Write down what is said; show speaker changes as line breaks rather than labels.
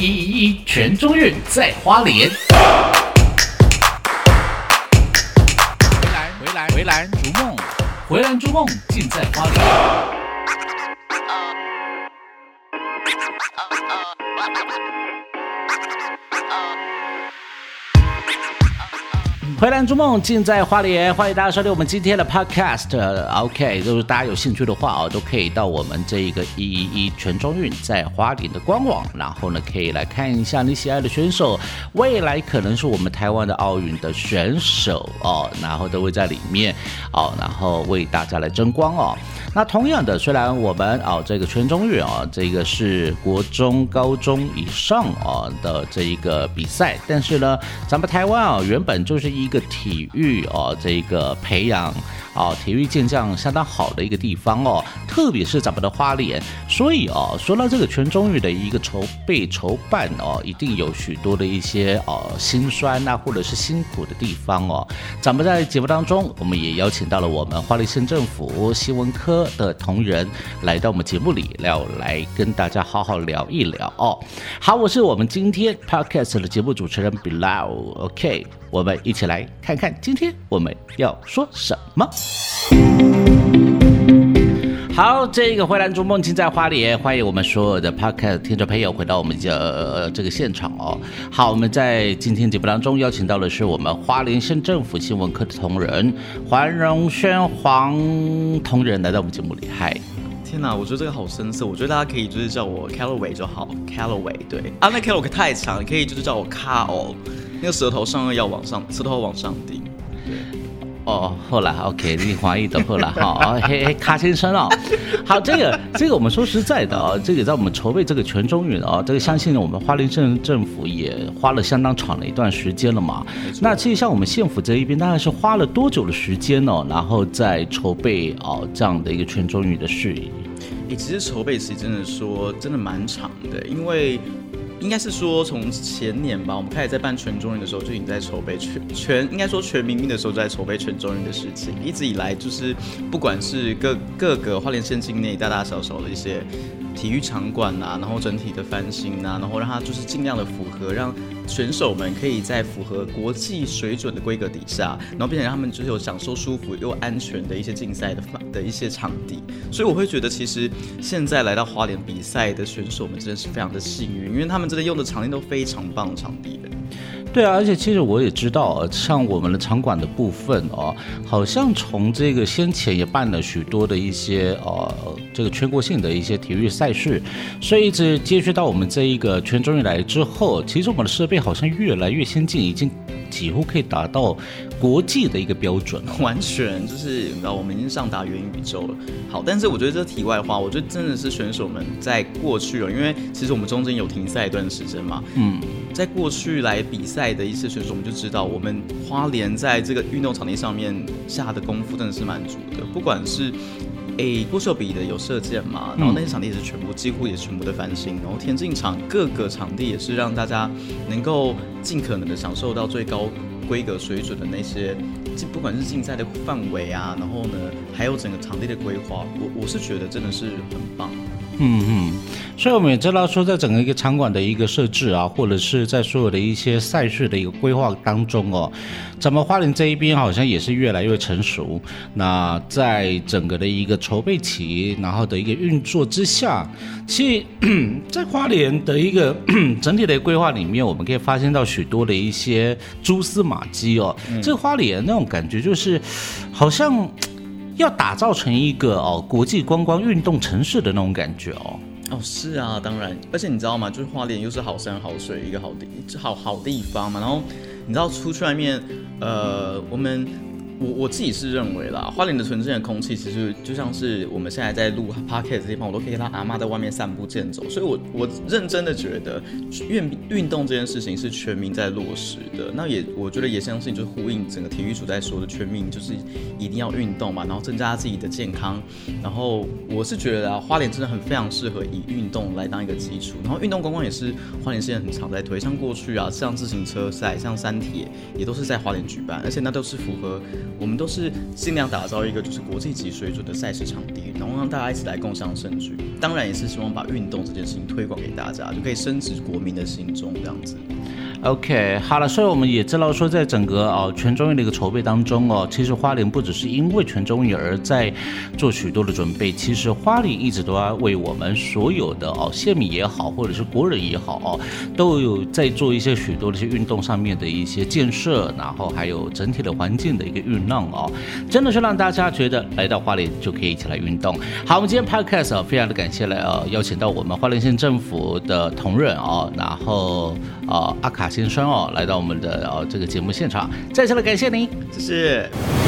一一一，全中運，在花蓮。回藍逐夢，盡在花蓮，歡迎大家收聽我們今天的 podcast。OK，就是大家有興趣的話啊、哦，都可以到我們這一個一一一全中運在花蓮的官網，然後呢，可以來看一下你喜愛的選手，未來可能是我們台灣的奧運的選手哦，然後都會在裡面哦，然後為大家來爭光哦。那同樣的，雖然我們哦這個全中運啊、哦，這個是國中、高中以上啊、哦、的這一個比賽，但是呢，咱們台灣啊、哦、原本就是一。一個體育哦、呃，這個培養哦、呃，體育健將相當好的一個地方哦，特別是咱們的花蓮，所以哦，說到這個全中運的一個籌備籌辦哦、呃，一定有許多的一些哦辛、呃、酸吶、啊，或者是辛苦的地方哦。咱們在節目當中，我們也邀請到了我們花蓮縣政府新聞科的同仁來到我們節目裡，要來，來跟大家好好聊一聊哦。好，我是我們今天 podcast 的節目主持人 Billow、OK，我們一起來看看今天我們要說什麼。好，這個灰藍珠夢親在花蓮，歡迎我們所有的 podcast 聽眾朋友回到我們的、呃、這個現場哦。好，我們在今天節目當中邀請到的是我們花蓮縣政府新聞科的同仁黃榮軒黃同仁來到我們節目裡。嗨，
天哪，我覺得這個好深色，我覺得大家可以就是叫我 Callaway 就好，Callaway 對啊，那 Callaway 太長了，可以就是叫我 Carl。那個舌頭上要往上，舌頭往上頂。對，
哦，好了，OK，你懷疑的後來好、 哦，嘿嘿，卡先生啊、哦，好，這個這個我們說實在的啊、哦，這個在我們籌備這個全中運的啊，這個相信我們花蓮縣政府也花了相當長的一段時間了嘛。錯那其實像我們縣府這一邊，大概是花了多久的時間呢、哦？然後在籌備啊、哦、這樣的一個全中運的事
宜、欸。其實籌備時間真的說真的蠻長的，因為。應該是說從前年吧，我們開始在辦全中運的時候就已經在籌備全全，應該說全民運的時候就在籌備全中運的事情。一直以來就是，不管是各各個花蓮縣境內大大小小的一些。體育場館吶、啊，然後整體的翻新吶，然後讓它就是儘量的符合，讓選手們可以在符合國際水準的規格底下，然後並且讓他們就是有享受舒服又安全的一些競賽的的一些場地。所以我會覺得，其實現在來到花蓮比賽的選手們真的是非常的幸運，因為他們真的用的場地都非常棒，場地的。
對啊，而且其實我也知道，像我們的場館的部分啊，好像從這個先前也辦了許多的一些呃，這個全國性的一些體育賽事，所以一直接觸到我們這一個全中運以來之後，其實我們的設備好像越來越先進，已經。幾乎可
以達到國際的一個標準啊，完全就是你知道，我們已經上達元宇宙了。好，但是我覺得這題外話，我覺得真的是選手們在過去哦，因為其實我們中間有停賽一段時間嘛。嗯，在過去來比賽的一次選手，我們就知道，我們花蓮在這個運動場地上面下的功夫真的是蠻足的。不管是哎，不秀比的有射箭嘛，然後那些場地也是全部幾乎也全部的翻新，然後田徑場各個場地也是讓大家能夠盡可能的享受到最高。高規格水準的那些，不管是競賽的範圍啊，然後呢，還有整個場地的規劃，我我是覺得真的是很棒。
嗯嗯，所以我們也知道說，在整個一個場館的一個設置啊，或者是在所有的一些賽事的一個規劃當中哦，咱們花蓮這一邊好像也是越來越成熟。那在整個的一個籌備期，然後的一個運作之下，其實，在花蓮的一個整體的規劃裡面，我們可以發現到許多的一些蛛絲馬跡哦。嗯、這花蓮那種感覺就是，好像。要打造成一個哦，國際觀光運動城市的那種感覺
哦。哦，是啊，當然，而且你知道嗎？就是花蓮又是好山好水，一個好地，好，好地方嘛。然後，你知道出去外面，呃，我們。我我自己是認為啦，花蓮的純正的空氣，其實就像是我們現在在錄 podcast 的地方，我都可以讓阿媽在外面散步健走。所以我，我我認真的覺得運運動這件事情是全民在落實的。那也，我覺得也相信就是呼應整個體育署在說的，全民就是一定要運動嘛，然後增加自己的健康。然後我是覺得啊，花蓮真的很非常適合以運動來當一個基礎。然後運動觀光也是花蓮現在很常在推，像過去啊，像自行車賽，像三鐵，也都是在花蓮舉辦，而且那都是符合。我們都是盡量打造一個就是國際級水準的賽事場地，然後讓大家一起來共享盛舉。當然也是希望把運動這件事情推廣給大家，就可以深植國民的心中這樣子。
OK，好了，所以我們也知道說，在整個啊、哦、全中運的一個籌備當中哦，其實花蓮不只是因為全中運而在做許多的準備，其實花蓮一直都在為我們所有的哦，縣民也好，或者是國人也好哦，都有在做一些許多的一些運動上面的一些建設，然後還有整體的環境的一個運動哦，真的是讓大家覺得來到花蓮就可以一起來運動。好，我們今天 Podcast 啊，非常的感謝來啊、呃、邀請到我們花蓮縣政府的同仁啊、哦，然後啊、呃、阿卡。先生哦，來到我們的哦，這個節目現場，再次的感謝您，
謝謝。